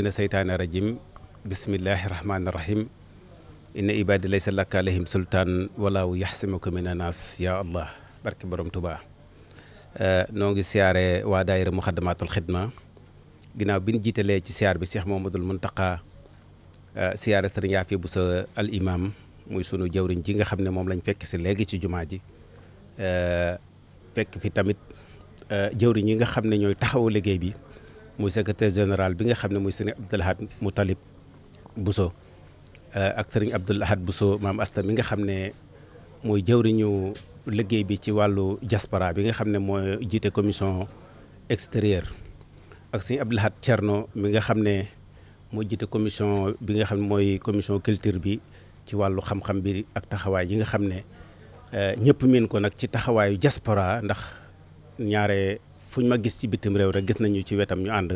mina seytaani rajim bismillahi rahmaani rahim inna ibaadi laysa laka alayhim sultaan walaaw yaxsimuka min anaas yaa allah barke borom tubaa eh, noo ngi siyaare waa daayira muxaddamaatul xidma ginnaaw bi ñu jiitalee ci siyaar bi Cheikh Mamadul Muntaqa eh, siyaare sëriñ Yaafi bu sa al imam muy sunu jawriñ ji nga xam ne moom lañ fekk si léegi ci jumaa ji eh, fekk fi tamit jawriñ yi nga xam ne ñooy taxawu liggéey bi muy secretaire général bi nga xam ne muy sëriñ Abdoul Ahad Moutalib Bousso euh, ak sëriñ Abdoul Ahad Bousso maam asta mi nga xam ne mooy jëwriñu liggéey bi ci wàllu diaspora bi nga xam ne mooy jiite commission extérieure ak sëriñ Abdoul Ahad mi nga xam ne moo jiite commission bi nga xam ne mooy commission culture bi ci wàllu xam-xam bi ak taxawaay yi nga xam ne euh, ñëpp miin kon nag ci taxawaayu diaspora ndax ñaare fuñ ma gis ci bitim réew rek gis nañu ci wetam ñu ànd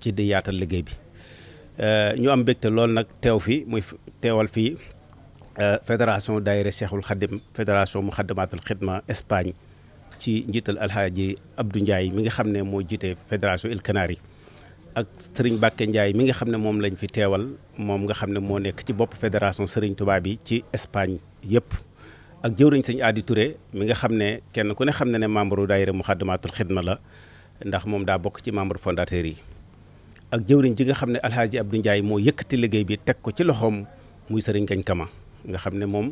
ci di yaatal liggéey bi euh, ñu am mbégte loolu nag teew fi muy teewal fii euh, fédération daayira Cheikhul Khadim fédération mu Muxaddamatul Xidma Espagne ci njiital alxaaji Abdou njaay mi nga xam ne moo jiite fédération Îles Canaries ak Serigne Bakke Ndiaye mi nga xam ne moom lañ fi teewal moom nga xam ne moo nekk ci bopp fédération Serigne Touba yi ci Espagne yëpp. ak jëwriñ sëñ Adi Touré mi nga xam ne kenn ku ne xam ne ne membre daayira Muxaddamatul Xidma la ndax moom daa bokk ci membre fondateur yi ak jëwriñ ji nga xam ne Alhaaji Abdou Ndiaye moo yëkkati liggéey bi teg ko ci loxoom muy sëriñ Gañ Kama nga xam ne moom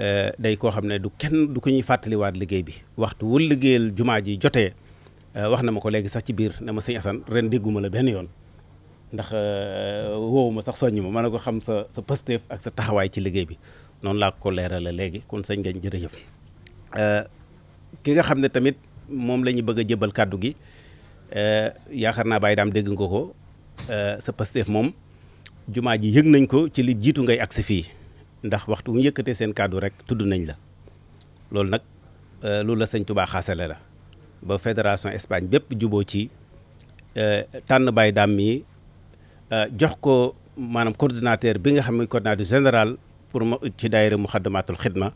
eh, day koo xam ne du kenn du ko ñuy fàttaliwaat liggéey bi waxtu wul liggéeyal jumaa ji jotee eh, wax na ma ko léegi sax ci biir na ma sëñ Assane ren dégguma la benn yoon ndax eh, woowu ma sax soññ ma mën na ko xam sa sa pësteef ak sa taxawaay ci liggéey bi noonu laa ko leerale léegi kon sëñ ngañ jërëjëf euh, ki nga xam ne tamit moom lañuy bëgg a jëbal kàddu gi euh, yaakaar naa bàyyi daam dégg nga ko euh, sa Pastef moom jumaa ji yëg nañ ko ci li jiitu ngay agsi fii ndax waxtu wu yëkkatee seen kàddu rek tudd nañ la loolu nag loolu la sëñ Touba la ba fédération Espagne bépp juboo ci tànn bay Dame mi jox ko maanaam coordinateur bi nga xam ne coordinateur général pour ma ci daayira muxaddamaatul xidma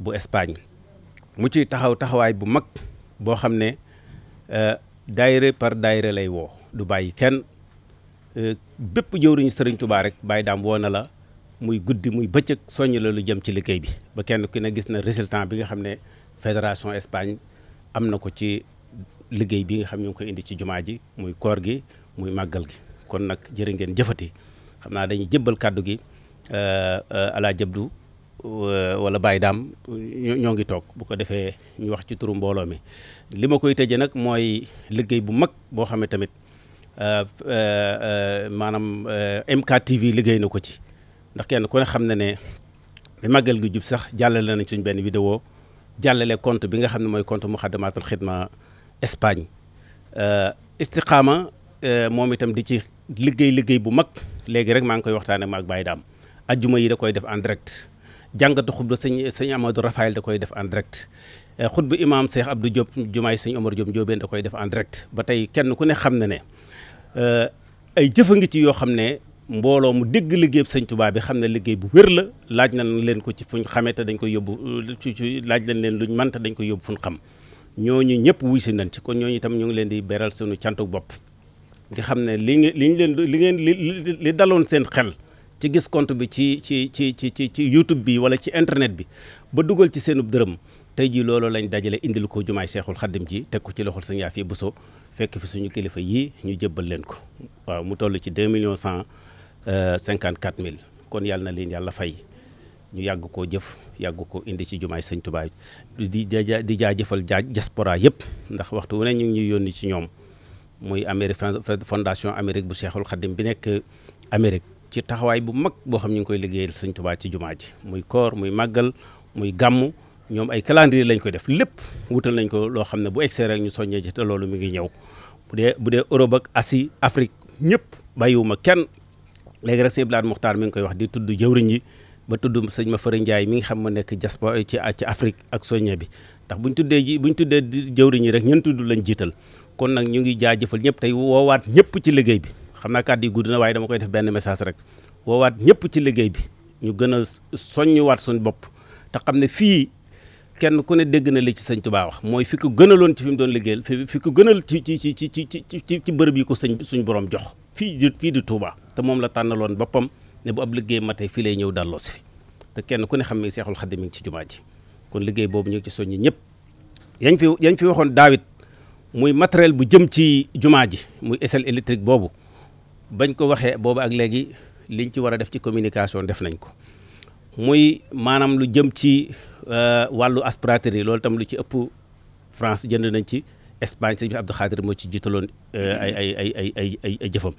bu Espagne mu ci taxaw taxawaay bu mag boo xam ne euh, daayira par daayira lay woo du bàyyi kenn euh, bépp jëwriñu sëriñ tubaa rek bàyyi daam woo na la muy guddi muy bëccëg soññ la lu jëm ci liggéey bi ba kenn ki ne gis na résultant bi nga xam ne fédération Espagne am na ko ci liggéey bi nga xam ñu ngi ko indi ci jumaa ji muy koor gi muy màggal gi kon nag jërë ngeen jëfati xam naa dañuy jëbbal kàddu gi Euh, euh, Alaa Jabdu euh, wala Baye Daam ñoo ngi toog bu ko defee ñu wax ci turu mbooloo mi li ma koy tëjee nag mooy liggéey bu mag boo xam ne tamit maanaam MKTV liggéey na ko ci ndax kenn ku ne xam ne ne bi màggal gi jub sax jàllale nañ suñ benn vidéo jàllale compte bi nga xam ne mooy compte Muxaddamatul Xidma Espagne Istiqaama moom itam di ci liggéey liggéey bu mag léegi rek maa ngi koy waxtaane maak ak Baye Daam ajjuma yi da koy def en direct jàngatu xutba sëñ sëñ Amadou Rafael da koy def en direct eh, xutba imaam Cheikh Abdou Diop jumaay sëñ Omar Diop Diobène da koy def en direct ba tey kenn ku ne xam ne ne eh, ay jëfa ngi ci yoo xam ne mbooloo mu dégg liggéey sëñ Tuubaa bi xam ne liggéey bu wér la laaj nañ leen ko ci fuñ xamee te dañ koy yóbbu eh, laaj nañ leen luñ mën te dañ koy yóbbu fuñ xam ñooñu ñëpp wuy si nañ ci kon ñooñu itam ñu ngi leen di beral suñu cantu bopp. nga xam ne li li ñu leen li ngeen li li daloon seen xel ci gis compte bi ci ci ci ci ci ci YouTube bi wala ci internet bi ba dugal ci seenub dërëm tey jii looloo lañ dajale indil ko jumaay Seexul Xaddim ji teg ko ci loxol sëñ Yaafiya Buso fekk fi suñu kilifa yii ñu jëbbal leen ko waaw mu toll ci million 2 millions 154 euh, mille kon yàlla na leen yàlla fay ñu yàgg koo jëf yàgg ko indi ci jumaay sëñ Tuubaa di di jaajëfal jaaj diaspora yëpp ndax waxtu wu ne ñu ngi ñuy yónni ci ñoom muy Amérique fondation Amérique bu Seexul Xaddim bi nekk Amérique ci taxawaay bu mag boo xam ñu ngi koy liggéeyal sëñ Tuubaa ci jumaa ji muy koor muy màggal muy gàmmu ñoom ay calendrier lañ koy def lépp wutal nañ ko loo xam ne bu excès rek ñu soñee ci te loolu mi ngi ñëw bu dee bu dee Europe ak Asie Afrique ñëpp bàyyiwuma kenn léegi rek sëñ Blaat mi ngi koy wax di tudd jëwriñ yi ba tudd sëñ ma Fëri Njaay mi ngi xam ma nekk diaspora ci ci Afrique ak soññe bi ndax buñ tuddee ji bu ñu tuddee jëwriñ yi rek ñen tudd lañ jiital kon nag ñu ngi jaajëfal ñëpp tey woowaat ñëpp ci liggéey bi xam naa kàddu di gudd na waaye dama koy def benn message rek woowaat ñëpp ci liggéey bi ñu gën a soññuwaat suñ bopp te xam ne fii kenn ku ne dégg na li ci sëñ Tuubaa wax mooy fi ko gënaloon ci fi mu doon liggéeyal fi ko gënal ci ci ci ci ci bërëb yi ko sëñ suñu borom jox fii di fii di Tuubaa te moom la tànnaloon boppam ne bu ab liggéey matee fii lay ñëw dalloo si te kenn ku ne xam ne Seexul Xadiim mi ngi ci jumaa ji kon liggéey boobu ñu ngi ci soññi ñëpp yañ fi yañ fi waxoon daawit muy matériel bu jëm ci jumaa ji muy échelle électrique boobu bañ ko waxee booba ak léegi liñ ci war a def ci communication def nañ ko muy maanaam lu jëm ci euh, wàllu aspirateur yi loolu tam lu ci ëpp France jënd nañ ci Espagne sëñ bi Abdou mooy ci jiitaloon euh, ay ay ay ay ay ay ay jëfam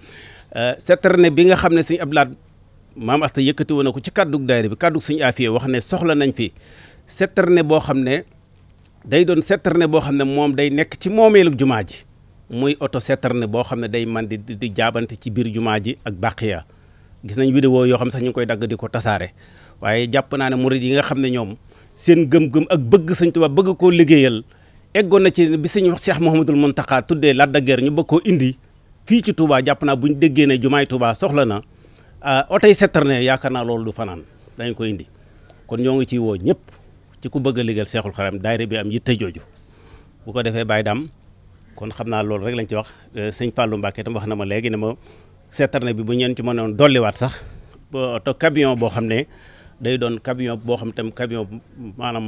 euh, cette bi nga xam ne suñ Abdou Lahad maam Asta yëkkati woon ko ci kàddug daayira bi kàddug suñu afiye wax ne soxla nañ fi cette boo xam ne day doon cette année boo xam ne moom day nekk ci moomeelug jumaa ji muy oto citerne boo xam ne day man di di jaabante ci biir jumaa ji ak bàqiya gis nañ vidéo yoo xam sax ñu koy dagg di ko tasaare waaye jàpp naa ne murid yi nga xam ne ñoom seen gëm-gëm ak bëgg sëñ Tuubaa bëgg koo liggéeyal eggoon na ci bi sëñ Cheikh Mouhamadul Mountakha tuddee Lac de ñu bëgg koo indi fii ci Touba jàpp naa bu ñu déggee ne jumaay Touba soxla na oto yi citerne yaakaar naa loolu du fanaan dañ ko indi kon ñoo ngi ciy woo ñëpp ci ku bëgg a liggéeyal Seexul Xaram daayira bi am yitte jooju bu ko defee bay Dame kon xam naa loolu rek lañ ci wax euh, sëñ Fallou Mbacke tam wax na ma léegi ne ma citerne bi bu ñeen ci mënoon dolliwaat sax te camion boo xam ne day doon camion boo xam tam camion maanaam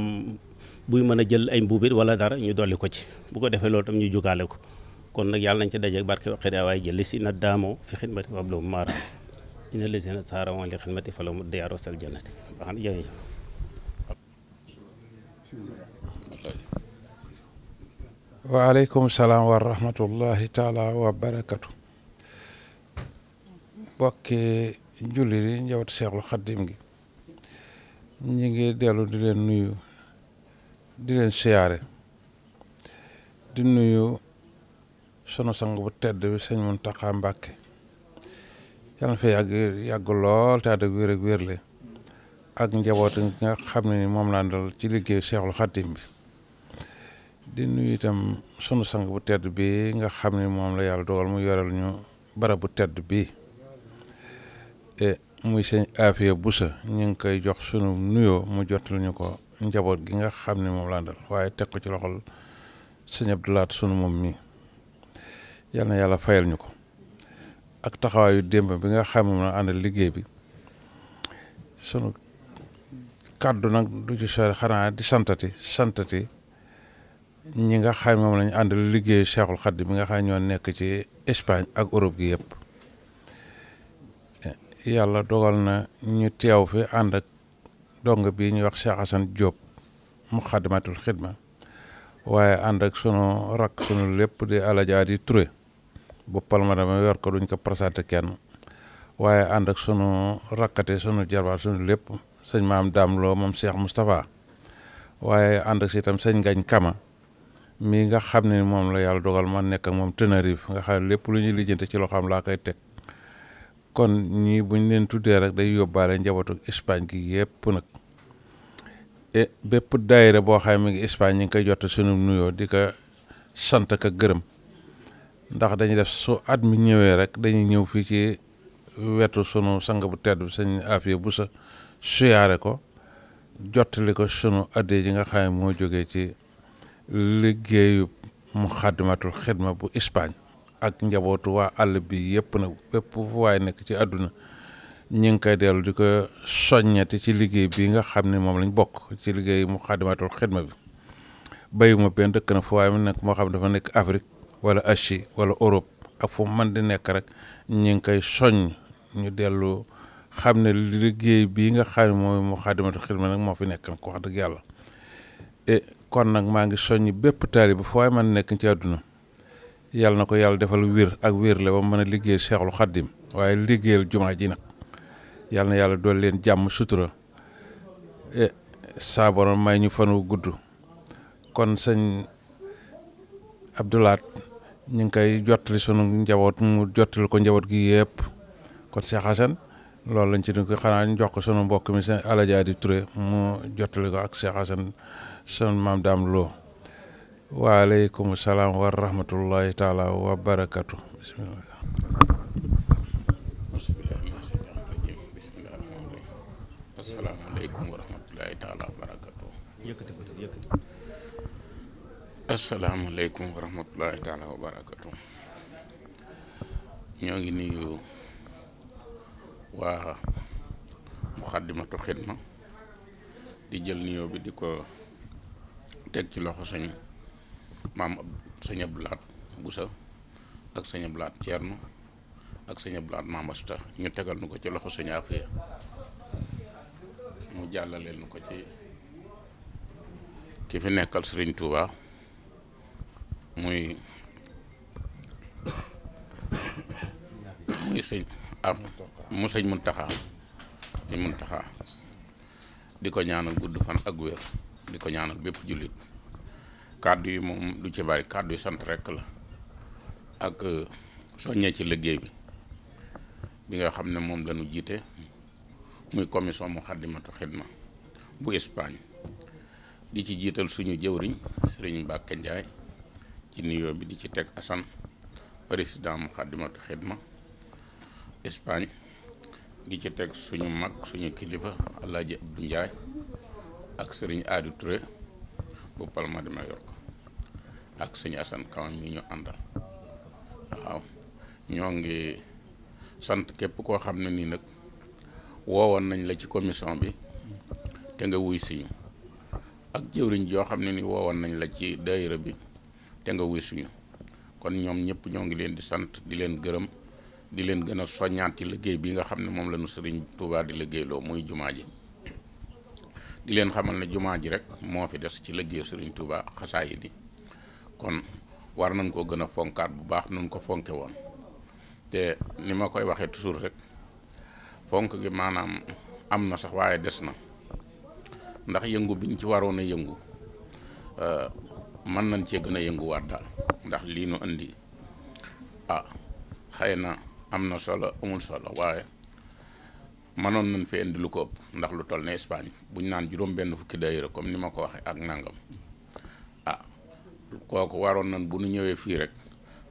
buy mën a jël ay mbuubit wala dara ñu dolli ko ci bu ko defee loolu tam ñu jugaale ko kon nag yàlla nañ ci daje barke waqi daa waaye jëli si na daamoo fi xidmati wablu maara ina lisina saarawan li xidmati falamu diyaar wasal jannati wax jërëjëf waaleykum salaam wa rahmatullahi taala wa barakatu bokki julli di njabootu seexlu xaddim gi ñi ngi dellu di leen nuyu di leen siyaare di nuyu sunu sang tedd bi sëñ Muntaxa Mbàkke yal na fi lool te àdda wér ak wérle ak njabootu nga xam ni moom laa dal ci liggéeyu seexlu xaddim bi di nuyu itam sunu sang bu tedd bi nga xam ni moom la yàlla dogal mu yoral ñu barab bu tedd bi e muy sëñ Afia Boussa ñu ngi koy jox sunu nuyoo mu jotal ñu ko njaboot gi nga xam ne moom laa ndal waaye teg ko ci loxol sëñ Abdoulaat sunu moom mii yal na yàlla fayal ñu ko ak taxawaayu démb bi nga xam ne moom la àndal liggéey bi sunu kàddu nag du ci sori xanaa di santati santati ñi nga xam moom lañu àndal liggéey Cheikhul Khadim bi nga xam nekk ci Espagne ak Europe gi yëpp yàlla dogal na ñu teew fi ànd ak dong bii ñuy wax Cheikh Assane Diop mu xadamatul xidma waaye ànd sunu rakk sunu lépp di alajaa di Touré bu palmarama yor ko duñ ko présenté kenn waaye ànd ak sunu rakkate sunu jarbaat sunu lépp sëñ maam daam loo moom Cheikh Moustapha waaye ànd ak si itam Ngañ Kama mii nga xam ne moom la yàlla dogal ma nekk ak moom Tenerife nga xam ne lépp lu ñuy lijjante ci loxoom laa koy teg kon ñii buñ leen tuddee rek day yóbbaale njabootu Espagne gi yëpp nag e bépp daayira boo xam mi ngi Espagne ñu ngi koy jot sunu nuyoo di ko sant ka gërëm ndax dañuy def su at mi ñëwee rek dañuy ñëw fii ci wetu sunu sang bu tedd bi sëñ Afia bu sa suyaare ko jottali ko sunu addee ji nga xam ne moo jógee ci liggéeyub Muxaddamatul Xidma bu Espagne ak njabootu waa àll bi yëpp nag bépp fu waay nekk ci àdduna ñi ngi koy dellu di ko soññati ci liggéey bi nga xam ne moom lañ bokk ci liggéey Muxaddamatul Xidma bi bayuma benn dëkk na fu waay mu nekk moo xam dafa nekk Afrique wala Asie wala Europe ak fu mën nekk rek ñi ngi koy soññ ñu dellu xam ne liggéey bii nga xam ne mooy Muxaddamatul Xidma nag moo fi nekk ko wax dëgg yàlla eh, kon nag maa ngi soññ bépp taalibe foo ay mën nekk ci àdduna yàlla na ko yàlla defal wiir ak wiir la ba mën a liggéeyal Seexul Xaddim waaye liggéeyal jumaa ji nag yàlla na yàlla dool leen jàmm sutura e, saa borom may ñu fan wu gudd kon sëñ Abdoulaat ñu ngi koy jottali sunu njaboot mu jottali ko njaboot gi yëpp kon Cheikh Hassane loolu lañ ci di ko xanaa ñu jox ko sunu mbokk mi sëñ Alaji Adi Touré mu jottali ko ak Cheikh Hassane son maam daam loo waaleykum salaam wa rahmatullahi wa barakatu bismillah asalaamaaleykum wa rahmatullahi taala wa barakatu yëkkati ko yëkkati ko wa barakatu ñoo ngi nuyu waa muxaddimatu xidma di jël nuyoo bi di ko teg ci loxo sëñ maam sëñ Abdou Lahat ak sëñ Abdou Lahat ak sëñ Abdou Maam Asta ñu tegal nu ko ci loxo sëñ Afia mu jàllaleel nu ko ci ki fi nekkal Sëriñ Touba muy muy sëñ am mu sëñ Muntaxa di Muntaxa di ko ñaana gudd fan ak wér di ko ñaanal bépp jullit kàddu yi moom du ci bari kàddu yi sant rekk la ak euh, soññee ci liggéey bi bi nga xam ne moom lañu jiite muy commission Moukhaddamatoul Khidma bu Espagne di ci jiital suñu jëwriñ Serigne Mbacké Ndiaye ci nuyoo bi di ci teg Assane président Moukhaddamatoul Khidma Espagne di ci teg suñu mag suñu kilifa Alaaji Abdou Ndiaye ak sëriñ Adi Touré bu de Mallorca ak sëñ Assane Kawan ñu àndal waaw ñoo ngi sant képp koo xam ne nii nag woowoon nañ la ci commission bi te nga wuy siñu ak jëwriñ joo xam ne ni woowoon nañ la ci daayira bi te nga wuy suñu kon ñoom ñëpp ñoo ngi leen di sant di leen gërëm di leen gën a soññaat ci liggéey bi nga xam ne moom la ñu sëriñ Touba di liggéeyloo muy jumaa ji di leen xamal na jumaa ji rek moo fi des ci liggéey Sëriñ Tuubaa xasaayid yi di kon war nañ koo gën a fonkaat bu baax nañ ko fonke woon te ni ma koy waxee toujours rek fonk gi maanaam am na sax waaye des na ndax yëngu bi ñu ci waroon a yëngu mën nañ cee gën a yënguwaat daal ndax lii nu indi ah xëy na am na solo amul solo waaye mënoon nañ fi indi lu ko ëpp ndax lu toll ne Espagne buñ naan juróom-benn fukki daayira comme ni ma ko waxee ak nangam ah kooku waroon nañ bu nu ñëwee fii rek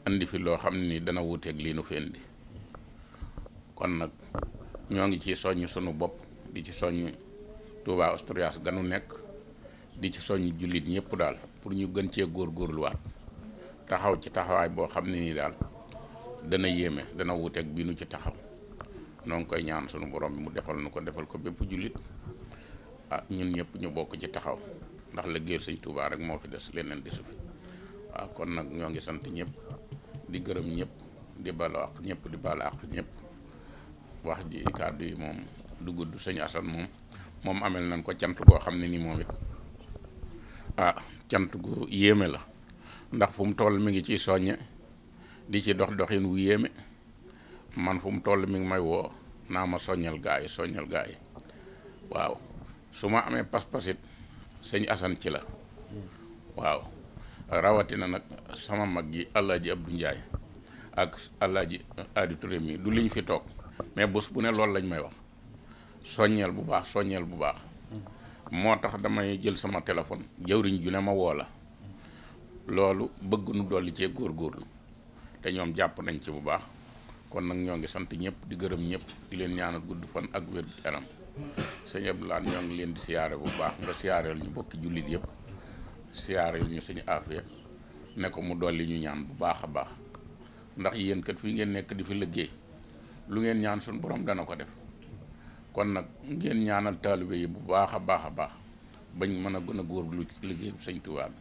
indi fi loo xam ni dana wuuteeg liinu nu fi indi kon nag ñoo ngi ci soññ sunu bopp di ci soñ Touba Asturias ganu nekk di ci soñ jullit ñëpp daal pour ñu gën cee góor góorgóorluwaat taxaw ci taxawaay boo xam ne nii daal dana yéeme dana wuuteek bii nu ci taxaw. noo koy ñaan sunu borom bi mu defal nu ko defal ko bépp jullit ah ñun ñëpp ñu bokk ci taxaw ndax liggéeyal sëñ Tuubaa rek moo fi des leneen desu fi waaw ah, kon nag ñoo ngi sant ñëpp di gërëm ñépp di balu àq ñëpp di balu àq ñëpp wax ji kàddu yi moom du gudd sëñ Assane moom moom amel nañ ko cant goo xam ne nii moom it ah cant gu yéeme la ndax fu mu toll mu ngi ciy soññe di ci dox doxin wu yéeme man fu mu toll mi ngi may woo naa ma soññal gaa yi soññal gaa waaw su ma amee pas-pas it sëñ Assane ci la waaw rawatina nag sama mag ji Alaaji Abdou njaay ak Alaaji Adi Touré mi du liñ fi toog mais bés bu ne loolu lañ may wax soññeel bu baax soññeel bu baax moo tax damay jël sama téléphone jëwriñ ju ne ma woo la loolu bëgg nu dolli cee góorgóorlu te ñoom jàpp nañ ci bu baax kon nag ñoo ngi sant ñëpp di gërëm ñëpp di leen ñaanal gudd fan ak wér gu yaram sëñ Abdou Lahad ñoo ngi leen di siyaare bu baax nga siyaareel ñu bokki jullit yëpp siyaareel ñu suñu affaire ne ko mu dolli ñu ñaan bu baax a baax ndax yéen kat fii ngeen nekk di fi liggéey lu ngeen ñaan suñu borom dana ko def kon nag ngeen ñaanal taalibe yi bu baax a baax a baax bañ mën a gën a góorlu ci liggéey bu sëñ Tuubaa bi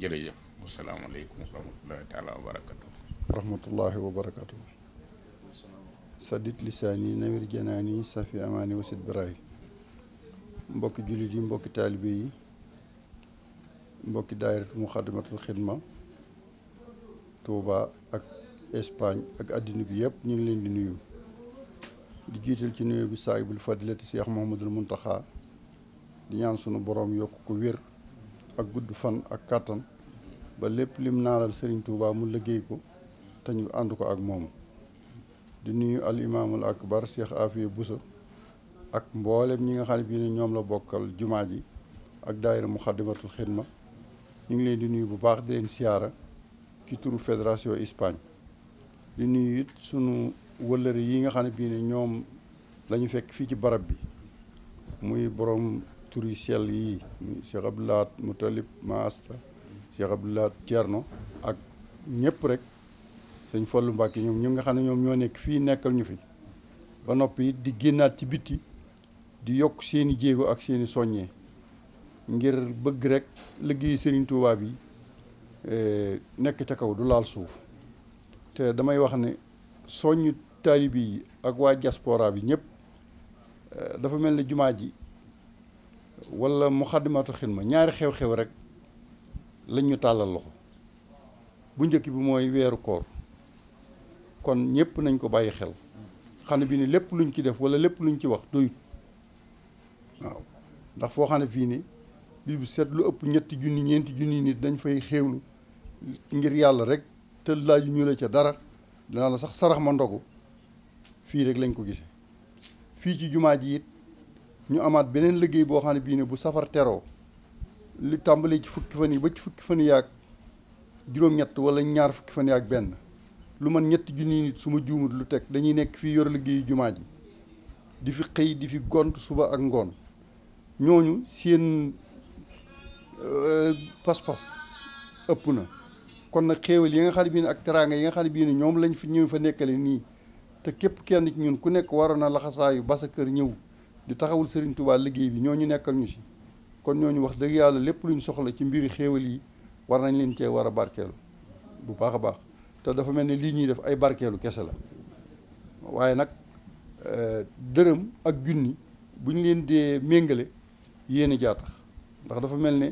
jërëjëf wasalaamaaleykum wa rahmatullahi taala wa barakatu rahmatullahi saddit lisaani nawir janaani safi amaani wasit baraay mbokki jullit yi mbokki taalibe yi mbokki daayiratu muxaddamatul xidma Touba ak Espagne ak àddina bi yëpp ñu ngi leen di nuyu di jiital ci nuyu bi si fadilati Cheikh Mouhamadoul Mountakha di ñaan sunu borom yokk ko wér ak gudd fan ak kàttan ba lépp lim naaral Serigne tuuba mu liggéey ko te ñu ànd ko ak moom di nuyu al imaamul akbar Cheikh Afia Bousso ak mboolem ñi nga xam ne bii ñoom la bokkal jumaa ji ak daayira muxaddamatul xidma ñu ngi leen di nuyu bu baax di leen siyaara ci turu fédération Espagne di it sunu wëllëre yi nga xam ne bii ne ñoom la fekk fii ci barab bi muy borom turi sell yi Cheikh Abdoulaat Moutalib Maasta Cheikh Abdoulaat Thierno ak ñëpp rek sëñ Fallou Mbacke ñoom ñu nga xam ne ñoom ñoo nekk fii nekkal ñu fi ba noppi di génnaat ci bitti di yokk seeni jéego ak seeni soññee ngir bëgg rek liggéeyu Serigne Touba bi e, nekk ca kaw du laal suuf te damay wax ne soññ taalibe yi ak waa diaspora bi ñëpp e, dafa mel ni jumaa ji wala Muxaddamatul ma ñaari xew-xew rek lañ ñu tàllal loxo bu njëkk bi mooy weeru koor kon ñëpp nañ ko bàyyi xel xane bi ni lépp luñ ci def wala lépp luñ ci wax doyut waaw ndax foo xam ne fii ni bi bu set lu ëpp ñetti junni ñeenti junni nit dañ fay xéewlu ngir yàlla rek te laaju ñu la ca dara dinaa la sax sarax ma ndogu fii rek lañ ko gise fii ci jumaa ji it ñu amaat beneen liggéey boo xam ne bii ne bu safar teroo li tàmbalee ci fukki fan yi ba ci fukki fan yi ak juróom-ñett wala ñaar fukki fan yi ak benn lu man ñetti junni nit su juumut lu teg dañuy nekk fii yor liggéeyu jumaa ji di fi xëy di fi gont suba ak ngoon ñooñu seen euh, pas ëpp na kon nag xéewal yi nga xam ne bii ak teraanga yi nga xam ne bii ñoom lañ fi ñëw fa nekkale nii te képp kenn ci ñun ku nekk waroon na laxasaayu ba sa kër ñëw di taxawul sëriñ Touba liggéey bi ñoo ñu nekkal ñu si kon ñoo ñu wax dëgg yàlla lépp lu luñ soxla ci mbiri xéewal yi war nañ leen cee war a barkeelu bu baax a baax. te dafa mel ni lii ñuy def ay barkeelu kese la waaye nag euh, dërëm ak junni bu ñu leen dee méngale yéen a jaatax ndax dafa mel ne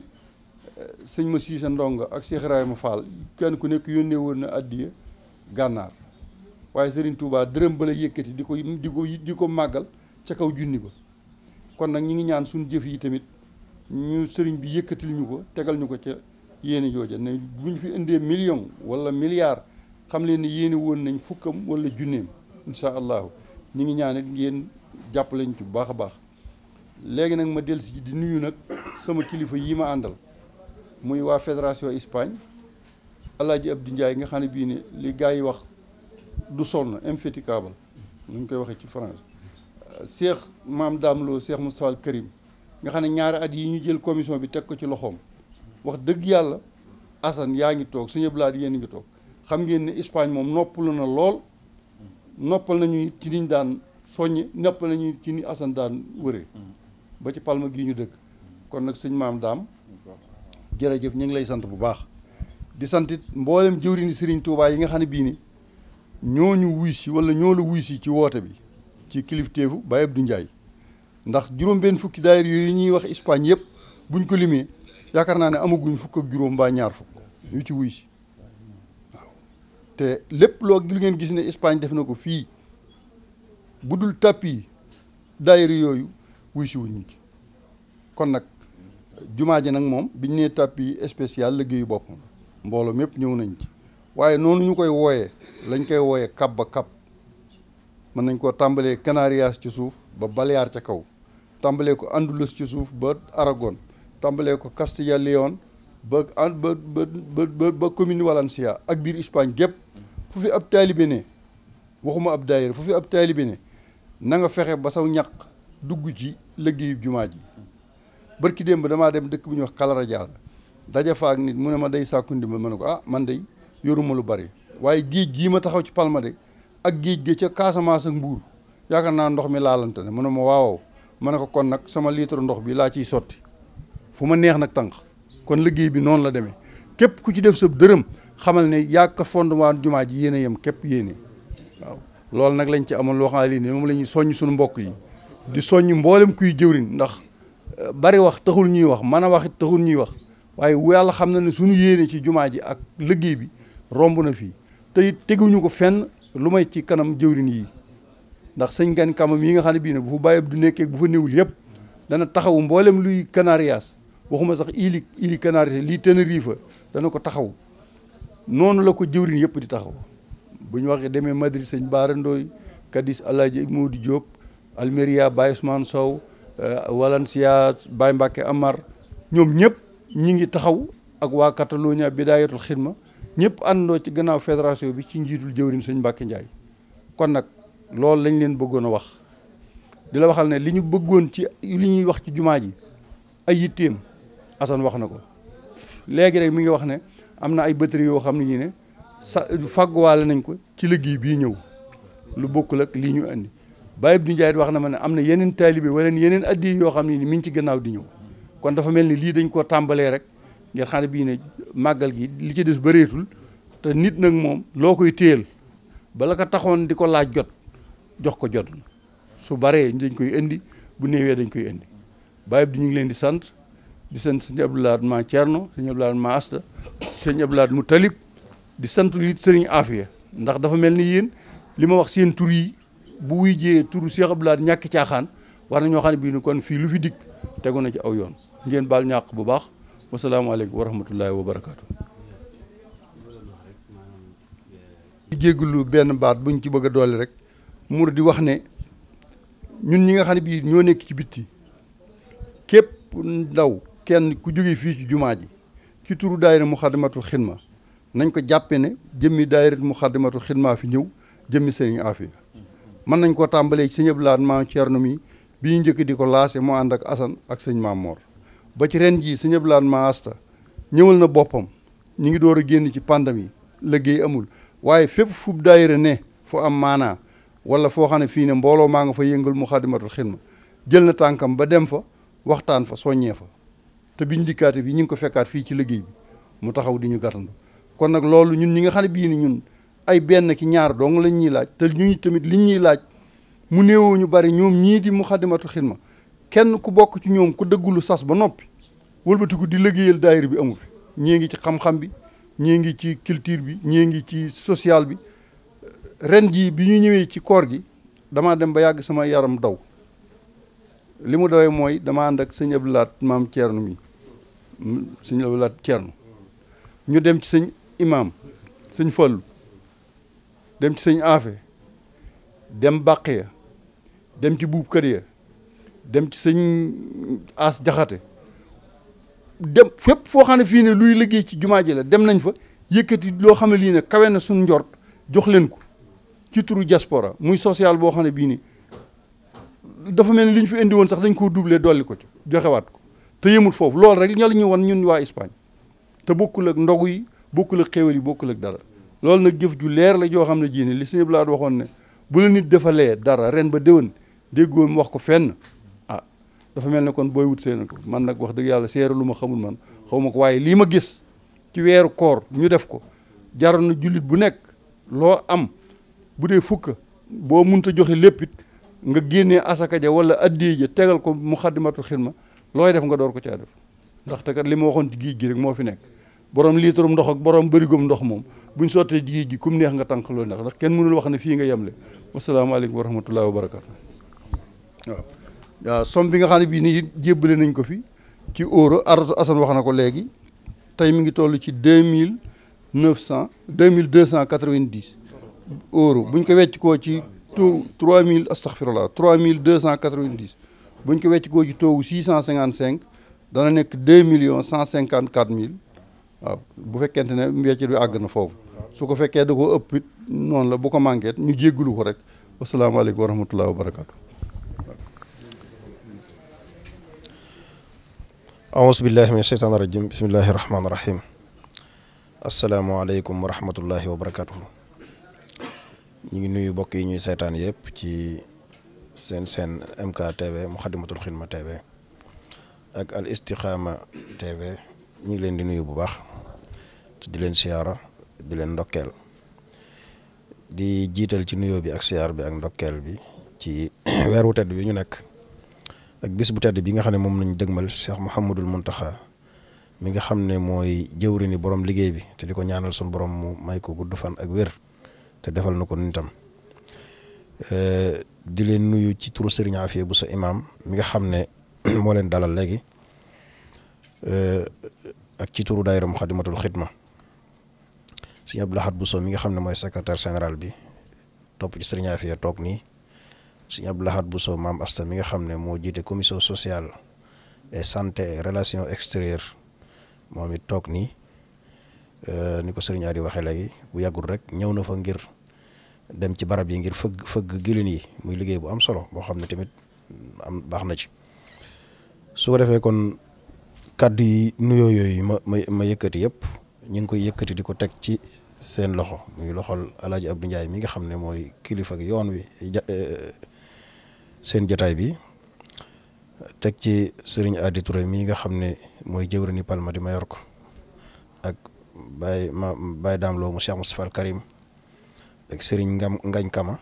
euh, sëñ ma siise ndongo ak Cheikh Ibrahima Fall kenn ku nekk yónnee woon na addiya gànnaar waaye Serigne Touba dërëm ba la yëkkati di ko di ko di ko màggal ca kaw junni ba kon nag ñu ngi ñaan suñ jëf yi tamit ñu sëriñ bi yëkkatil ñu ko tegal ñu ko ca yéen jooja ne bu ñu fi indee million walla milliard xam leen ni yéene woon nañ fukkam walla junneem incha allahu ñu ngi ñaan it ngeen jàppale ñu ci bu baax a baax léegi nag ma dellu si di nuyu nag sama kilifa yi ma àndal muy waa fédération Espagne Alaaji Abdou njaay nga xam ne bii ni li gars yi wax du sonn infatigable nu ñu koy waxee ci France Cheikh Maam Dame Lo Cheikh Moustapha Al Karim nga xam ne ñaari at yi ñu jël commission bi teg ko ci loxoom wax dëgg yàlla Assane yaa ngi toog suñu blaat yéen a ngi toog xam ngeen ne Espagne moom noppalu na lool noppal nañu ci liñ daan soññ noppal nañu ci ni Assane daan wëree ba ci Palma gii ñu dëkk kon nag sëñ maam daam jërëjëf ñu ngi lay sant bu baax di santit mboolem jëwriñu sëriñ Touba yi nga xam ne bii ni ñoo ñu wuy si wala ñoo la wuy si ci woote bi ci kilifteefu Baye du Ndiaye ndax juróom-benn fukki daayir yooyu ñuy wax Espagne yëpp buñ ko limee yaakaar naa ne amaguñ fukk ak juróom mbaa ñaar fukk ñu ci wuy te lépp loo lu ngeen gis ne Espagne def na ko fii bu dul tapis daayira yooyu wuy si wuñ ci kon nag jumaa ji nag moom biñ nee tapis spécial liggéeyu boppam mbooloo mépp ñëw nañ ci waaye noonu ñu koy wooyee lañ koy wooyee kab ba kab mën nañ koo tàmbalee Canarias ci suuf ba Balear ca kaw tàmbalee ko Andalus ci suuf ba Aragon tàmbalee ko Castilla León ba en ba ba ba commune Valencia ak biir Espagne gépp fu fi ab taalibe ne waxuma ab daayira fu fi ab taalibe ne na nga fexe ba saw ñaq dugg ci liggéeyub jumaa ji barki démb damaa dem dëkk bu ñuy wax Kalara Jaar daja fa ak nit mu ne ma day sàkku ndimbal ma ne ko ah man day yoruma lu bari waaye géej gii ma taxaw ci Palma de ak géej gi ca Casamance ak Mbuur yaakaar naa ndox mi laalante ne mu ne ma waaw ma ne ko kon nag sama litre ndox bi laa ciy sotti fu ma neex nag tànk kon liggéey bi noonu la demee képp ku ci def sa dërëm xamal ne yàgg fondement jumaa ji yéen a yem képp yéene waaw loolu nag lañ ci amoon loo xam ne la ñuy soññ sunu mbokk yi di soññ mboolem kuy jëwriñ ndax eh, bari wax taxul ñuy wax mën a wax it ñuy wax waaye yàlla xam na ne suñu yéene ci jumaa ji ak liggéey bi romb na fii te teguñu ko fenn lu may ci kanam jëwriñ yi ndax sëñ gan kamam yi nga xam ne bii ne bu fa bàyyi du nekkee bu fa néewul yëpp dana taxawu mboolem luy Canarias waxuma sax ili ili Canaries lii Tenerife dana ko taxaw noonu la ko jëwrin yëpp di taxaw bu ñu waxee demee Madrid sëñ Baara Ndoy Cadiz Alaaji Modou Diop Almeria Baye Ousmane Sow euh, Valencia Baye Mbacke Amar ñoom ñëpp ñi ngi taxaw ak waa Catalonia Bidaayatul Xidma ñëpp àndoo ci gannaaw fédération bi ci njiitul jëwrin sëñ Mbacke Ndiaye kon nag loolu lañ leen bëggoon a wax di la waxal ne li ñu bëggoon ci li ñuy wax ci jumaa ji ay yitteem Assane wax na ko léegi rek mi ngi wax ne am na ay batterie yoo xam ne ñu ne sa nañ ko ci liggéey bii ñëw lu bokkul ak lii ñu andi Baye Abdou Ndiaye wax na ma ne am na yeneen taalibe wala yeneen addi yoo xam ne mi ngi ci gannaaw di ñëw kon dafa mel ni lii dañ koo tàmbalee rek ngir bii ne màggal gi li des bëreetul te nit nag moom loo koy téyel bala ko taxoon di ko laaj jot jox ko jot su baree dañ koy indi bu néewee dañ koy indi Baye ñu ngi leen di sant di sant sëñ Abdou Lahad ma Thierno sëñ Abdou Lahad ma Asta sëñ Abdou mu Talib di sant yi sëriñ Afia ndax dafa mel ni yéen li ma wax seen tur yi bu wuy jiyee turu Cheikh Abdou Lahad ñàkk caaxaan war na ñoo xam ne bii ni kon fii lu fi dikk tegu na ci aw yoon ngeen baal ñàkk bu baax wasalaamaaleykum wa rahmatullahi wa barakaatu. di jégalu benn baat buñ ci bëgg a doole rek mur di wax ne ñun ñi nga xam ne bii ñoo nekk ci bitti képp ndaw. kenn ku jóge fii ci jumaa ji ci turu daayira Muxaddamatul Xidma nañ ko jàppe ne jëmmi mu daayira Muxaddamatul Xidma fi ñëw jëmmi sëriñ Afia mën nañ koo tàmbalee ci sëñ Abdoulaye Maam mi bi ñu njëkk di ko laase mu ànd ak Assane ak sëñ Maam Moor ba ci ren jii sëñ Abdoulaye Maam Asta ñëwal na boppam ñu ngi door a génn ci pandémie léegi amul waaye fépp fu daayira ne fu am maanaa wala foo xam ne fii ne mbooloo maa nga fa yëngal Muxaddamatul Xidma jël na tànkam ba dem fa waxtaan fa soññee fa te biñ dikkaate fii ñu ngi ko fekkaat fii ci liggéey bi mu taxaw di ñu gàttandu kon nag loolu ñun ñi nga xam ne bii ni ñun ay benn ki ñaar dong lañ ñuy laaj te ñu tamit liñ ñuy laaj mu néewoo ñu bari ñoom ñii di Moukhaddamatoul Khidma kenn ku bokk ci ñoom ku dëggulu sas ba noppi wëlbatiku di liggéeyal daayir bi amu fi ñii ngi ci xam bi ñii ngi ci culture bi ñii ngi ci social bi ren jii bi ñu ñëwee ci koor gi damaa dem ba yàgg sama yaram daw li mu dawee mooy dama ak sëñ Abdou mi sëñ Abdou Lahad Thierno ñu dem ci sëñ imam sëñ Fallu dem ci sëñ Afe dem bàq ya dem ci buub kër ya dem ci sëñ As Jaxate dem fépp foo xam ne fii ne luy liggéey ci jumaa ji la dem nañ fa yëkkati loo xam ne lii ne kawe na suñ njor jox leen ko ci turu diaspora muy social boo xam ne bii ni dafa mel ni li ñu fi indi sax dañ koo doublé dolli ko ci joxewaat ko te yëmul foofu loolu rek ñoo la ñu wan ñun waa Espagne te bokkul ak ndogu yi bokkul ak xéwal yi bokkul ak dara loolu nag jëf ju leer la joo xam ne jii ne li suñu blaat waxoon ne bu la nit defalee dara ren ba déwén déggoo mu wax ko fenn ah dafa mel ne kon booy wut seen man nag wax dëgg yàlla seere lu ma xamul man xaw ma ko waaye lii ma gis ci weeru koor ñu def ko jaroon na jullit bu nekk loo am bu dee fukk boo munta joxe léppit nga génnee asaka wala addiye ja tegal ko mu xaddimatul xidma looy def nga door ko caa def ndaxte ka li ma waxoon ci géej gi rek moo fi nekk borom liitarum ndox ak borom bërigoom ndox moom buñ sottee ci gi kum neex nga tànq loolu neex ndax kenn mënul wax ne fii nga yemle wasalaamaaleykum wa rahmatullahi wa waaw waaw som bi nga xam ne bii ni jébbale nañ ko fi ci euro aratu asan wax na ko léegi tey mi ngi toll ci deux mille neuf cent deux mille deux cent quatre vingt dix euro buñ ko wecc koo ci tout trois mille astaghfirullah trois mille deux cent quatre bu ñu ko wecc koo ci toogu six cent cinquante dana nekk deux millions cent cinquante quatre mille waaw bu fekkente ne wecc bi àgg na foofu su ko fekkee da ko ëpp it noonu la bu ko manqué ñu jéggulu ko rek asalaamaaleykum wa rahmatullahi wa barakaatu. aouzu billahi min sheytaani rajim bismillahi rahmaani rahim asalaamaaleykum wa rahmatullahi wa ngi nuyu mbokk yi ñuy seetaan yëpp ci. seen seen MKTV Muxaddamatul Xidma TV ak Al Istikhama TV ñu ngi leen di nuyu bu baax te di leen siyaara di leen ndokkeel di jiital ci nuyoo bi ak siyaar bi ak ndokkeel bi ci weer wu tedd bi ñu nekk ak bis bu tedd bi nga xam ne moom lañu dëgmal Cheikh Mouhamadul Mountakha mi nga xam ne mooy jëwri ni borom liggéey bi te di ko ñaanal suñu borom mu may ko gudd fan ak wér te defal na ko nitam Euh, di leen nuyu ci turu Serigne Afia bu sa imaam mi nga xam ne moo leen dalal léegi euh, ak ci turu daayira Muxaddamatul Xidma Serigne Abdou bu so mi nga xam ne mooy secretaire général bi topp ci Serigne Afia toog nii Serigne Abdou Lahad Bousso maam Asta mi nga xam ne moo jiite commission sociale et santé et relations extérieures moom it toog nii euh, ni ko Serigne Adi waxee léegi bu yàggul rek ñëw na fa ngir. dem ci barab yi ngir fëgg fëgg gilin yi muy liggéey bu am solo boo xam ne tamit am baax na ci su ko defee kon kàddu yi nuyoo yooyu ma ma ma yëkkati yëpp ñu ngi koy yëkkati di ko teg ci seen loxo muy loxol Alaaji Abdou Ndiaye mi nga xam ne mooy kilifa gi yoon wi eh, eh, seen jataay bi teg ci sëriñ Adi Touré mi nga xam ne mooy jëwriñu Palma di ko ak Baye ma Baye Daam Lo mu Cheikh Moustapha Al Karim ak sëriñ Ngam Ngañ Kama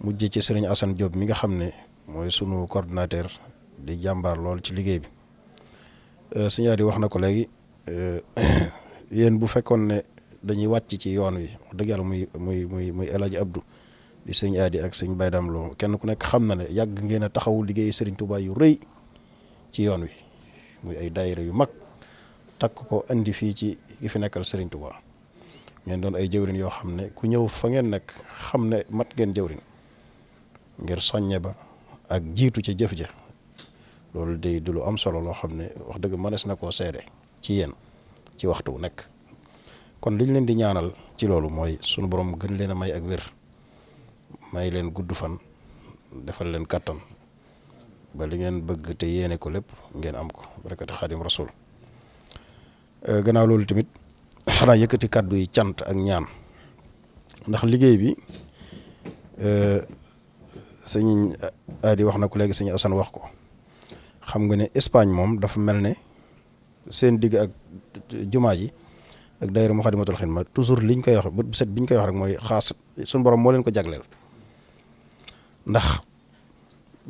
mujj ci sëriñ Assane Diop mi nga xam ne mooy sunu coordinateur di jàmbaar lool ci liggéey bi euh, sëñ yi wax na ko léegi euh, yéen bu fekkoon ne dañuy wàcc ci yoon wi dëgg yàlla muy muy muy muy El Hadj di sëñ Adi ak sëñ Baydam Lo kenn ku nekk xam na ne yàgg ngeen a taxawu liggéey sëriñ Touba yu rëy ci yoon wi muy ay daayira yu mag takk ko indi fii ci gi fi nekkal sëriñ Touba ngeen doon ay jëwrin yoo xam ne ku ñëw fa ngeen nekk xam ne mat ngeen jëwriñ ngir soññe ba ak jiitu ca jëf ja loolu de du lu am solo loo xam ne wax dëgg mënees na koo seede ci yéen ci waxtu wu nekk kon liñ leen di ñaanal ci loolu mooy sunu borom gën leen a may ak wér may leen gudd fan defal leen kàttan ba li ngeen bëgg te yéene ko lépp ngeen am ko barakati xaadim rasul gannaaw loolu tamit xanaa yëkkati kàddu yi cant ak ñaan liggéey bi euh, sëñ Adi wax na ko léegi sëñ Assane wax ko xam nga ne Espagne moom dafa mel ne seen digg ak jumaa ji ak daayira Muxaddamatul Xidma toujours liñ koy wax bu set biñ koy wax rek mooy xaas suñu borom moo leen ko jagleel ndax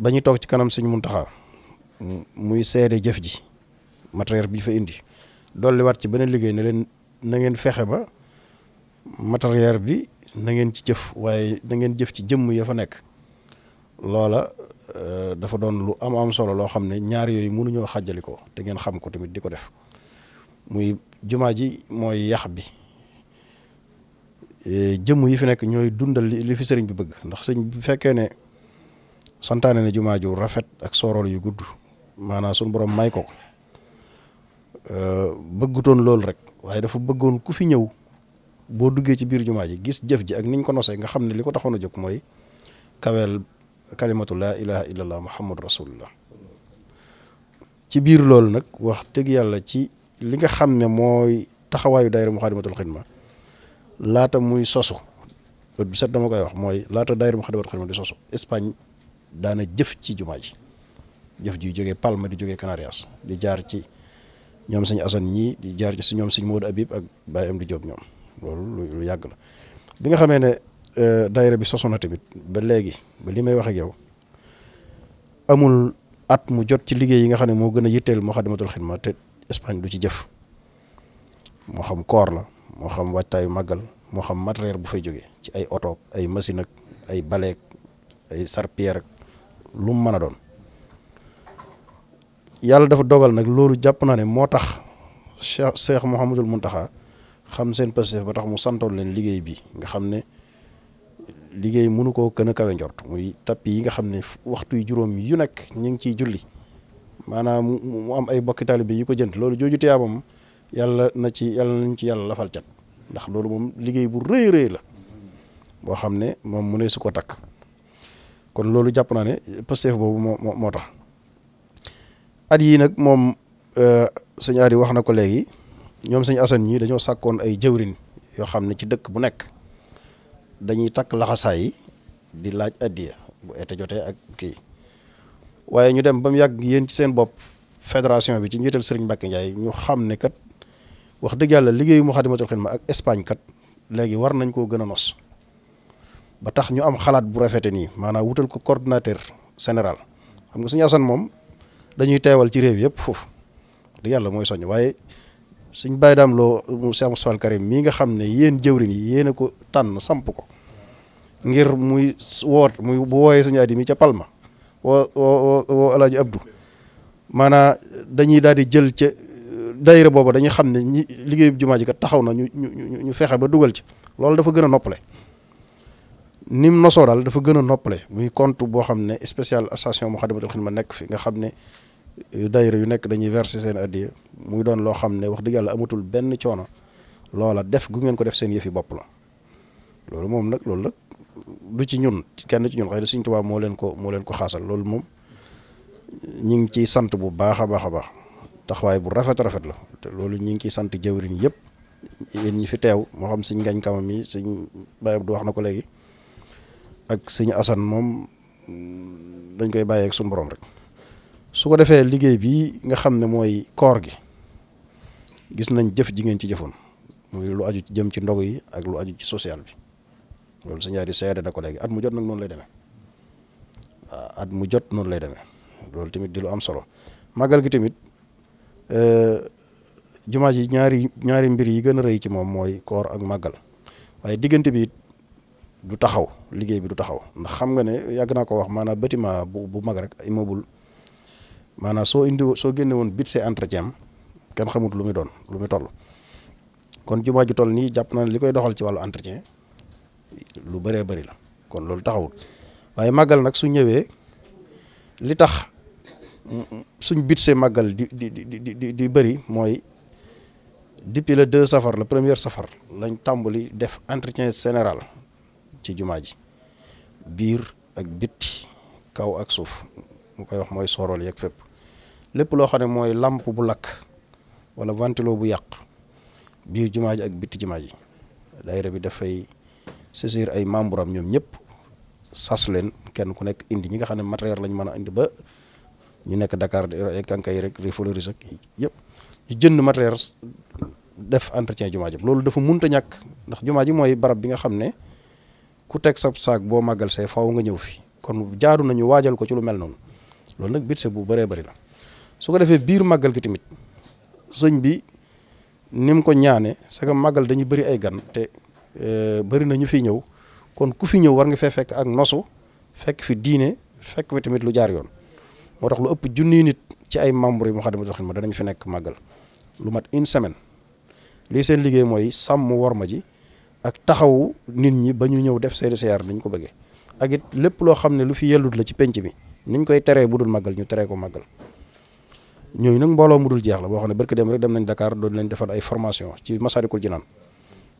ba ñu toog ci kanam suñ Muntaxa muy seede jëf ji matériel bi fa indi dolliwaat ci beneen liggéey ne leen na ngeen fexe ba matériel bi na ngeen ci jëf waaye na jëf ci jëmm ya fa nekk loola euh, dafa doon lu am am solo loo xam ne ñaar yooyu mënuñoo xàjjali ko te ngeen xam ko tamit di ko def muy jumaa ji mooy yax bi euh, jëmm yi fi nekk ñooy dundal li fi sëriñ bi bëgg ndax sëñ bu fekkee ne santaane ne jumaa ju rafet ak sorol yu gudd maanaa suñu borom may ko Euh, bëggutoon loolu rek waaye dafa bëggoon ku fi ñëw boo duggee ci biir jumaa ji gis jëf ji ak niñ ko nosee nga xam ne li ko taxoon a jóg mooy kaweel kalimatu laa ilaha illallah muhammad rasulullah ci biir loolu nag wax dëgg yàlla ci li nga xam ne mooy taxawaayu daayira muxaadimatul xidma laata muy sosu bu set dama koy wax mooy laata daayira muxaadimatul xidma di sosu Espagne daana jëf ci jumaa ji jëf ji jóge Palma di jóge Canarias di jaar ci ñoom sëñ Assane ñii di jaar ci si ñoom sëñ Modou Habib ak Baye di Diop ñoom loolu lu yàgg la bi nga xamee ne euh, daayira bi sosoon na tamit ba léegi ba li may wax ak yow amul at mu jot ci liggéey yi nga xam ne moo gën a yitteel moo xadamatul xidma te Espagne du ci jëf moo xam koor la moo xam waajtaayu màggal moo xam matériel bu fay jóge ci ay oto ay machine ak ay baleek ay sarpière ak lu mu mën a doon yàlla dafa dogal nag loolu jàpp naa ne moo tax Cheikh Cheikh mun Mountakha xam seen Pastef ba tax mu santoon leen liggéey bi nga xam ne liggéey mënu koo gën a kawe njort muy tapis yi nga xam ne waxtu yu juróom yu nekk ñu ngi ciy julli maanaam mu am ay bokki taalibe yu ko jën loolu jooju tiyaabam yàlla na ci yàlla nañ ci yàlla lafal cat ndax loolu moom liggéey bu rëy rëy la boo xam ne moom mu ne su ko takk kon loolu jàpp naa ne Pastef boobu moo moo tax. at yii nag moom euh, sëñ Aliou wax na ko léegi ñoom sëñ Assane ñi dañoo sàkkoon ay jëwrin yoo xam ne ci dëkk bu nekk dañuy takk laxasaay di laaj addiya bu été jotee ak kii waaye ñu dem ba mu yàgg yéen ci seen bopp fédération bi ci njiital sëriñ Mbacke Ndiaye ñu xam ne kat wax dëgg yàlla liggéeyu Moukhaddamatoul ma ak Espagne kat léegi war nañ koo gën a nos ba tax ñu am xalaat bu rafete nii maanaam wutal ko coordinateur général xam nga sëñ Assane moom dañuy teewal ci réew yëpp foofu di yàlla mooy soññ waaye suñ bàyyi daam loo mu Cheikh sol Karim mii nga xam ne yéen jëwrin yi yéen a ko tànn samp ko ngir muy woot muy bu wooyee suñu aadi mi ca Palma woo woo woo El Hadj Abdou maanaam dañuy daal di jël ca dayra booba dañuy xam ne ñi liggéeyu jumaa ji kat taxaw na ñu ñu ñu fexe ba dugal ci loolu dafa gën a noppale ni mu nosoo daal dafa gën a noppale muy compte boo xam ne spécial association Moukhaddamatoul Khidma nekk fi nga xam ne euh, daayira yu nekk dañuy verser seen addiya muy doon loo xam ne wax dëgg yàlla amatul benn coono loola def gu ngeen ko def seen yëfi bopp la loolu moom nag loolu nag du ci ñun kenn ci ñun xëy suñ Sëriñ Tuubaa moo leen ko moo leen ko xaasal loolu moom ñi ngi ciy sant bu baax a baax a baax taxawaay bu rafet rafet la te loolu ñi ngi ciy sant jëwriñ yëpp yéen ñi fi teew moo xam Sëriñ Ngañ Kama mi Sëriñ Baye Abdou wax na ko léegi ak sëñ Assane moom dañ koy bàyyee ak suñu borom rek su ko defee liggéey bi nga xam ne mooy koor gi gis nañ jëf ji ngeen ci jëfoon muy lu aju ci jëm ci ndog yi ak lu aju ci social bi loolu sëñ Aliou seede na ko léegi at mu jot nag noonu lay demee at mu jot noonu lay demee loolu tamit di lu am solo màggal gi tamit. E, jumaa ji ñaari ñaari mbir yi gën a rëy ci moom mooy koor ak màggal waaye diggante bi du taxaw liggéey bi du taxaw ndax xam nga ne yàgg naa ko wax maanaam bâtiment bu bu mag rek immeuble maanaam soo indi soo génne woon bit see entretien kenn xamut lu muy doon lu muy toll kon jumaa ju toll nii jàpp na li koy doxal ci wàllu entretien lu bëree bëri la kon loolu taxawut waaye màggal nag su ñëwee li tax suñ bit see màggal di di di di di bëri mooy depuis le deux safar la première safar lañ tàmbali def entretien sénéral ci jumaa ji biir ak bitti kaw ak suuf mu koy wax mooy sorol yeeg fépp lépp loo xam ne mooy làmp bu lakk wala ventilo bu yàq biir jumaa ji ak bitti jumaa ji daayira bi dafay saisir ay membre am ñoom ñëpp sas leen kenn ku nekk indi ñi nga xam ne matériel lañ mën a indi ba ñu nekk Dakar ay kankay rek refleurus ak yëpp ñu jënd matériel def entretien jumaa ji loolu dafa munta ñàkk ndax jumaa ji mooy barab bi nga xam ne ku teg sab saak boo màggal see faaw nga ñëw fi kon jaaru nañu waajal ko ci lu mel noonu loolu nag budget bu baree bari la su ko defee biir màggal gi tamit sëñ bi ni ko ñaane c'est que màggal dañu bëri ay gan te euh, bëri nañu fi ñëw kon ku fi ñëw war nga fee fekk ak nosu fekk fi diine fekk fi tamit lu jaar yoon moo tax lu ëpp junni nit ci ay membres yi Moukhaddamatoul Khidma danañ fi nekk màggal lu mat une semaine lii seen liggéey mooy sàmm worma ji ak taxawu nit ñi ba ñu ñëw def seeni siyaar niñ ko bëggee ak it lépp loo xam ne lu fi yellut la ci penc bi niñ koy teree bu dul màggal ñu teree ko màggal ñooñu nag mbooloo mu dul jeex la boo xam ne barki dem rek dem nañ dakaar doon leen defal ay formation ci Masaalikul naan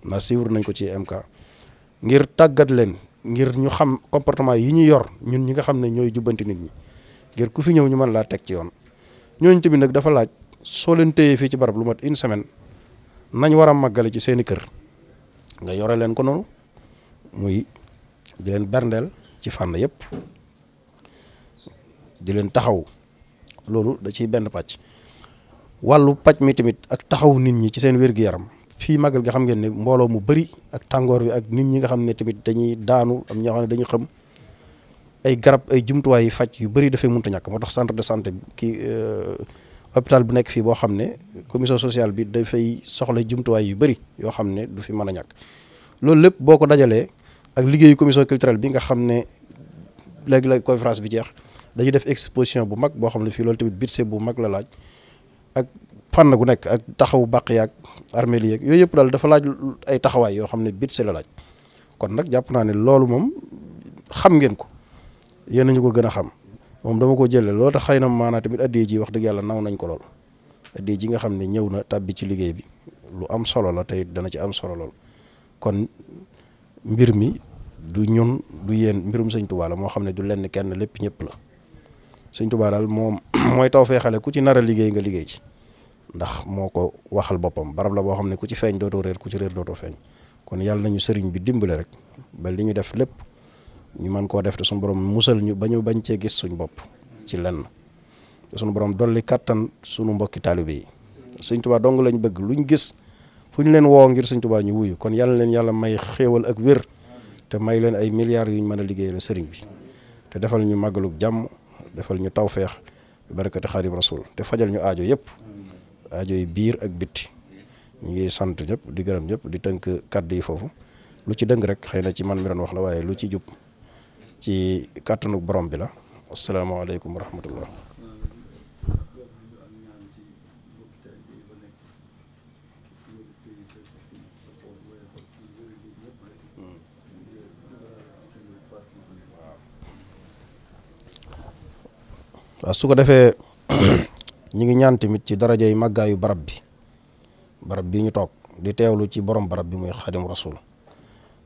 na siiwur nañ ko ci MK ngir tàggat leen ngir ñu xam comportement yi ñu yor ñun ñi nga xam ne ñooy jubbanti nit ñi ngir ku fi ñëw ñu man laa teg ci yoon ñooñ tamit nag dafa laaj soo leen téyee fii ci barab lu mat une semaine nañ war a màggale ci seeni kër nga yore leen ko noonu muy di leen berndeel ci fànn yëpp di leen taxaw loolu da ciy benn pàcc wàllu pàcc mi tamit ak taxaw nit ñi ci seen wér-gu-yaram fii màggal gi xam ngeen ni mbooloo mu bëri ak tàngoor bi ak nit ñi nga xam ne tamit dañuy daanu am ñoo xam ne dañuy xam ay garab ay jumtuwaay yi faj yu bari dafay mënta ñàkk moo tax centre de santé kii euh, hôpital bu nekk fii boo xam ne commission sociale bi dafay soxla jumtuwaay yu bëri yoo xam ne du fi mën a ñàkk loolu lépp boo ko dajalee ak liggéeyu commission culturelle bi nga xam ne léegi la conférence bi jeex dañuy def exposition bu mag boo xam ne fii loolu tamit budget bu mag la laaj ak fànn gu nekk ak taxawu bàq yaag armeel yeeg yooyu yëpp daal dafa laaj ay taxawaay yoo xam ne bit budget la laaj kon nag jàpp naa ne loolu moom xam ngeen ko yéen ñu ko gën a xam. moom dama ko jëlee loo tax xëy na maanaa tamit addee ji wax dëgg yàlla naw nañ ko lool addee ji nga xam ne ñëw na tàbbi ci liggéey bi lu am solo la tey dana ci am solo lool kon mbir mi du ñun du yéen mbirum sëñ Tuubaa la moo xam ne du lenn kenn lépp ñëpp la sëñ Tuubaa daal moom mooy taw feexale ku ci nara liggéey nga liggéey ci ndax moo ko waxal boppam barab la boo xam ne ku ci feeñ dootoo réer ku ci réer dootoo feeñ kon yàlla nañu sëriñ bi dimbale rek ba li ñu def lépp ñu mën koo def te suñu boroom musal ñu ba ñu bañ cee gis suñ bopp ci lenn te suñu borom dolli kattan suñu mbokki taalibe yi sëñ tubaa dong lañ bëgg luñ gis fu ñu leen woow ngir sëñ tubaa ñu wuyu kon yàlla leen yàlla may xéewal ak wér te may leen ay yu ñu mën a liggéeyal sëriñ bi te defal ñu màggalug jàmm defal ñu tawfeex barakati xaadim rasul te fajal ñu aajo yëpp aajo yi biir ak bitti ñu ngi sant ñëpp di gërëm ñëpp di tënk kàddu yi foofu lu ci dëng rek xëy na ci man mi wax la waaye lu ci jub ci kàttanu borom bi la asalaamaaleykum wa rahmatullah su ko defee ñi ngi ñaan tamit ci daraja yi màggaayu barab bi barab bi ñu toog di teewlu ci borom barab bi muy xadim rasul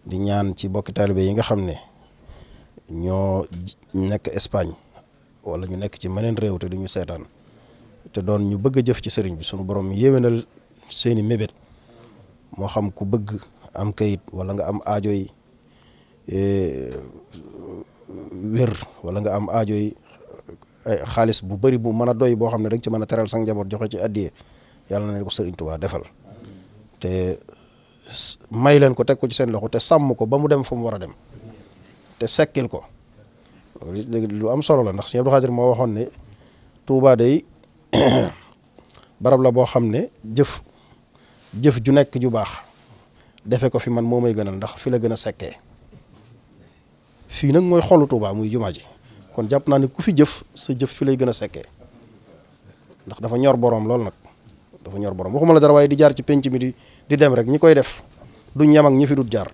di ñaan ci bokki taalibe yi nga xam ne ñoo nekk Espagne wala ñu nekk ci meneen réew te duñu seetaan te doon ñu bëgg a jëf ci sëriñ bi sunu borom yéwénal seeni mébét moo xam ku bëgg am kayit wala nga am aajo yi e, wér wala nga am aajo yi e, xaalis bu bari bu mën a doy boo xam ne da nga ci mën a teral sang njaboot joxe ci addiye yàlla na ko sëriñ Tuubaa defal te may leen ko teg ko ci seen loxo te sàmm ko ba mu dem fu mu war a dem te sekkil ko lu am solo la ndax Sëñ Abdou Khadir moo waxoon ne tuubaa day barab la boo xam ne jëf jëf ju nekk ju baax defe ko fi man moom may gënal ndax fi la gën a sekkee fii nag mooy xolu Touba muy jumaa ji kon jàpp naa ne ku fi jëf sa jëf fi lay gën a sekkee ndax dafa ñor boroom lool nag dafa ñor boroom waxuma la dara waaye di jaar ci penc mi di di dem rek ñi koy def duñ yem ak ñi fi dut jaar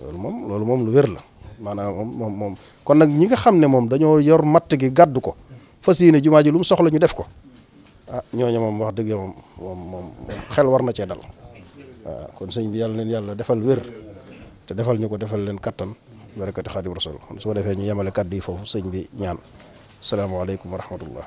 loolu moom loolu moom lu wér la maanaam moom moom kon nag ñi nga xam ne moom dañoo yor matt gi gàddu ko fas yéene jumaa ji lu mu soxla ñu def ko ah ñooñu moom wax dëgg moom moom moom xel war na cee dal waaw ah, kon sëñ bi yàlla neen yàlla defal wér te defal ñu ko defal leen kattan barakati xaadim rasul kon su soo defee ñu yemale kàdd yi foofu sëñ bi ñaan asalaamaaleykum wa rahmatullah